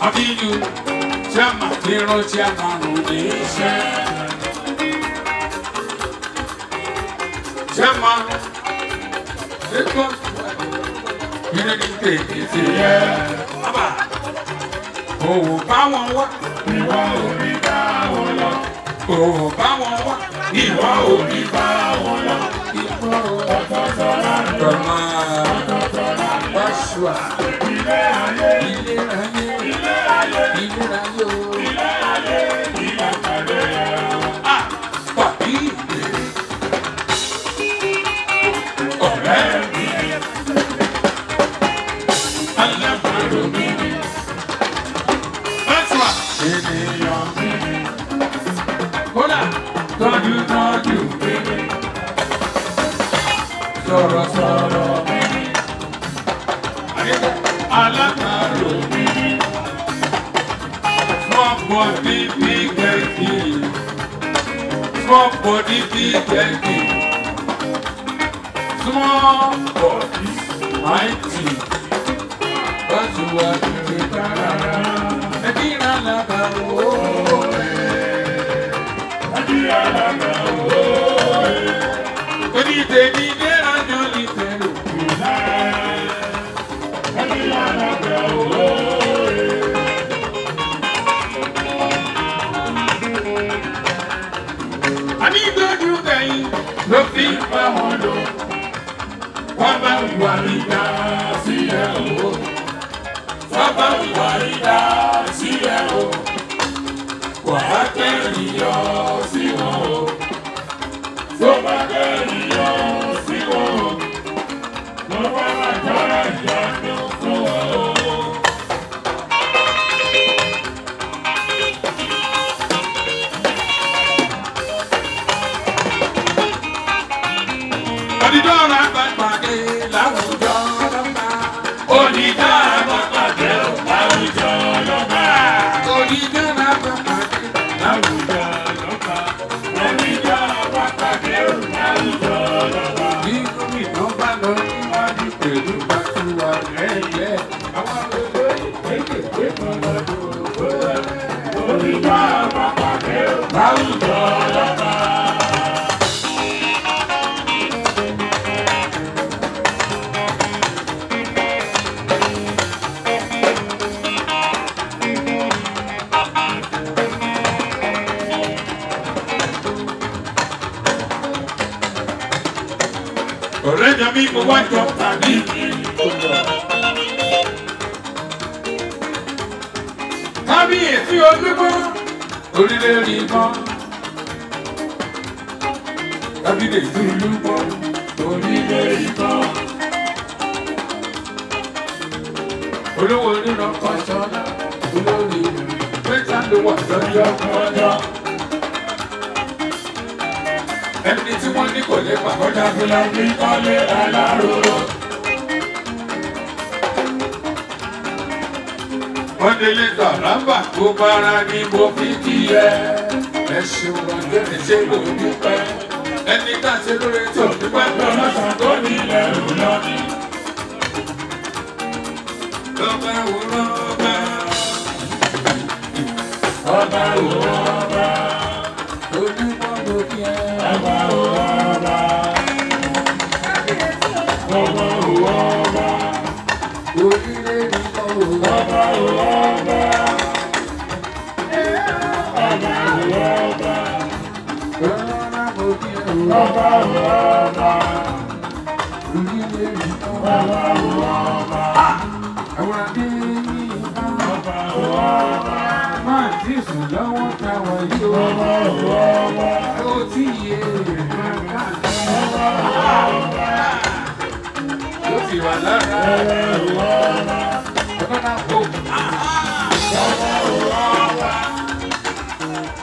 Abidu Chiama Tiro Chiama Nudishe Chiama Eko Yine kike kiti ye Aba Owó bá wọn wá Ìwọ òbí bá wọn lọ Owó bá wọn wá Ìwọ òbí bá wọn lọ Ìwọ òbí bá wọn lọ Ọ̀tọ̀tọ̀ lánàá Ọ̀tọ̀tọ̀ lánàá Báṣuà. alákàrò mi small body big head small body big head small body mighty bọ́sù wà kiri kára ẹbí rà lábàá wò ó ẹbí rà lábàá ìwà ìdá sí ẹ o. Sábà ìwà ìdá sí ẹ o. Wàá kẹ́rin yọ sí wọn o. Sọ́bà kẹ́rin yọ èèyàn mi mo wá jọ tàbí. kábíyèsí olúmọ orílẹ̀ rí mọ́ kábíyèsí olúmọ orílẹ̀ rí mọ́. olówó onírànkọ́ sọ́nà olórí pẹ́tà ló wà lọ́jọ́ kọ́ńdọ́. lè pàkọ́jà fi lọ bí kọ́lé aláró. wọ́n délé tàràmbà tó bára ní mo fi kí ẹ. ẹ ṣeun àgbẹ̀rẹ̀ ṣe ló dúpẹ́. ẹni tá a ṣe lóore tó dúpẹ́ tó lọ́sàn-án tó ní ilẹ̀ òun lọ ni. lọ́bẹ̀ wúrọ́ bá ọba òwò ọba onímọ̀ lókè ẹ̀ ọba òwò ọba òwò ọba. Orílẹ̀-èdè kan òwò ọba òwò ọba. Ọba òwò ọba. Ọlọ́lá mo kí ẹ òwò. Ọba òwò ọba. Orílẹ̀-èdè kan ọba òwò ọba. Àwọn adé ní ìbá. Ọba òwò ọba. Máa tí sì wà lára ẹ̀rù ọ̀la. Ọlọ́lá kò. Ọwọ́ òwò wa.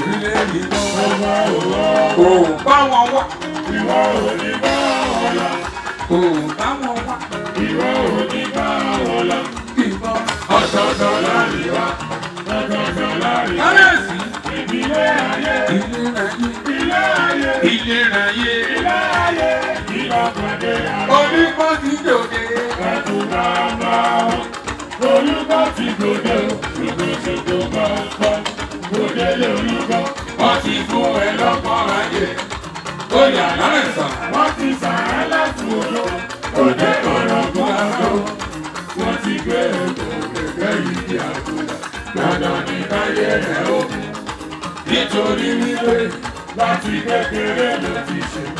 Orílẹ̀ mi mọ́. Ọwọ́ òwò wa. Kò bá wọn wá. Ìwọ ò ní bá wọn lọ. Kò bá wọn wá. Ìwọ ò ní bá wọn lọ. Ìbọn. Ọ̀tọ̀ọ̀tọ̀ láàrin wa. Ọ̀tọ̀ọ̀tọ̀ láàrin wa. Kábíyèsí. Ìdílé ayé. Ìlera ayé. Ilé ayé. Ìlera ayé. Ilé ayé. Onígbọ́ ti dòde. Ẹ̀dùnà máa olùkọ́ ti dòde ìgbésẹ̀ tó bá pọ̀ dòde lórúkọ. Wọ́n ti fún ẹ lọ́pọ̀ ayé. Ó yà láìsàn. Wọ́n ti sàn án láti òdo. Òde ọ̀rọ̀gbọ́n àgbo. Wọ́n ti gbé ètò kẹ̀kẹ́ yìí di àgùdà. Dandan ní káyé rẹ̀ ó kú. Nítorí wípé láti kékeré ló ti ṣèlú.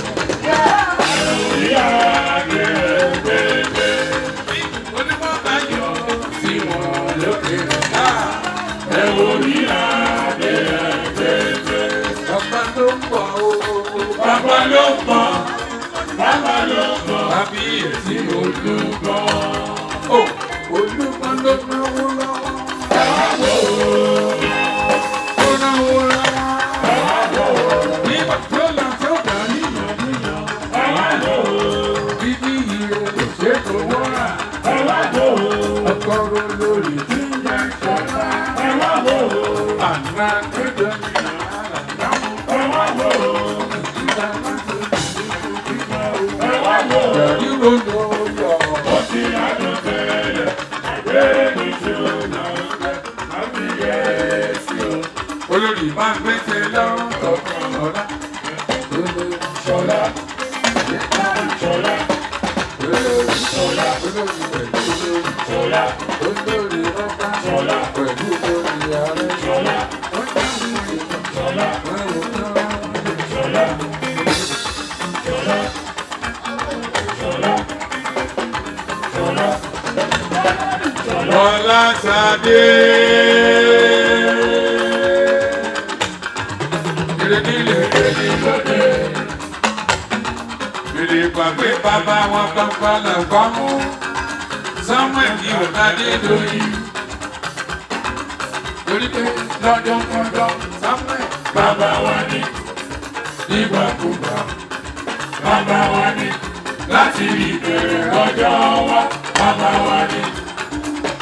Oh, olúgbọ́n. ó olúgbọ́n ló máa wọ́n. olórí máa ń gbèsè lọ́rùn tọkàn ọ̀la olórí ṣọlá ṣọlá olórí ṣọlá olórí ṣọlá olórí ṣọlá. Fọláṣadé. Ìrìnnìlè èyí lóde. Ìrìnbà pé bàbá wọn gbọ́ngbọ́n lọ gbọ́ mú. Samuel ní Òkadé lórí. Torí pé lọ́jọ́ kọjọ́ Samuel bàbá wa ní ìgbàkúgbà. Bàbá wa ní láti ìbẹ̀rẹ̀ ọjọ́ wa.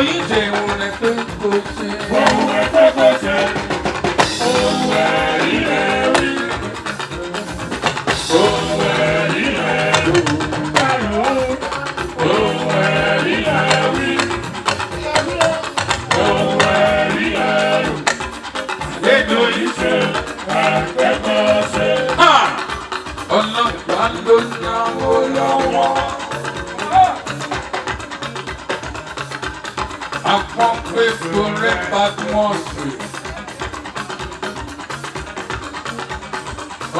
you soy de una cruz. atmosphere.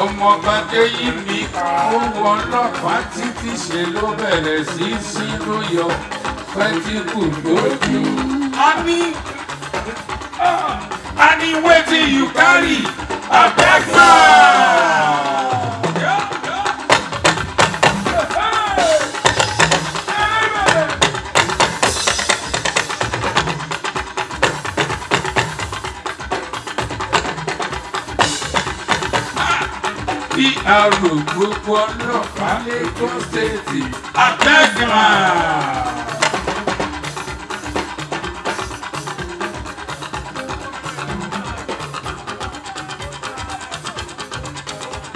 ọmọọba Déyìmí ó wọ ọlọ́pàá títí ṣe ló bẹ̀rẹ̀ sí sínú yọ pẹ́tíkù lójú. a ní a ní wetin you carry abeg arò gbogbo ọlọ́fà lẹ́kọ̀ọ́ ṣètì àtẹ́gàmà.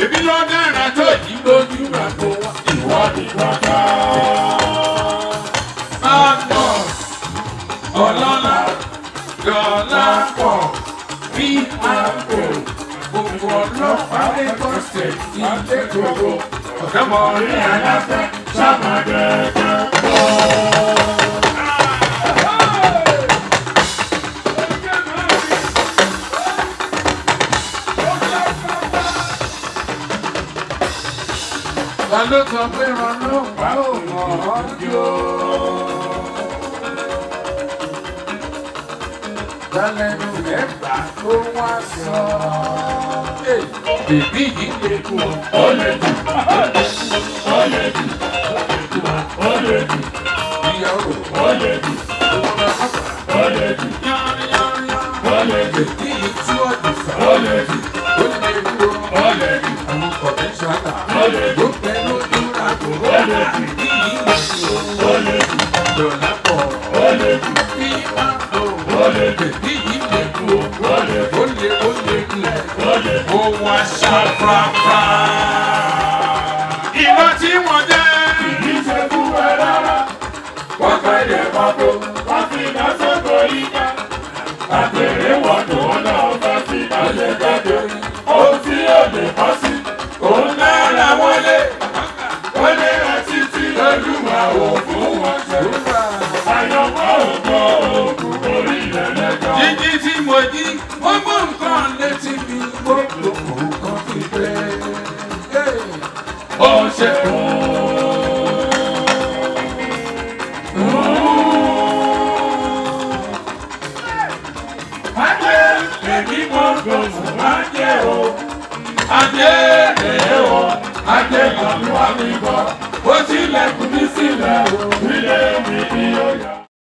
èmi lọ dára tó yí lójú àgbo ìwọ́de gbọ́dọ̀. magnus ọlọ́lá dọ́là pọ̀ bí àgbo ìwọ ọlọ́pàá lẹ́kọ̀ọ́ state ìdẹ́kọ̀ọ́ ọ̀gámọ̀rí aláfẹ́ sàmàdẹ́gbẹ́ pọ̀. ta ló sọ pé ìrànlọ́pàá ò mọ̀ ọ́ jó. lálẹ́nu ẹ̀bà tó wá sọ. Bèbí yìí lè kú ọ. Ó lè dù, ó lè dù, ó lè dù. Ìyàwó ó lè dù, ó lè dù. Ó lè dù. Bèbí yìí tí wọ́n ti sọ. Ó lè dù. Ó lè kú ọ. Ó lè dù. Àwọn kọ̀míṣánná. Ó lè dù. Ó pẹ́ lójú rà kó. Ó lè dù. rárá. Ìwọ tí wọ́n jẹ́. Kì í ṣe fún ẹ rárá. Wọ́n fẹ́ lè mọ́tò, wọ́n ó ṣe kún. ajé èmi mo gbòòrùn máa jẹ́ o ajé èyí o ajé pàlú àmì bọ̀ ó tilẹ̀kùn mí sílẹ̀ o ilé mi ni ó.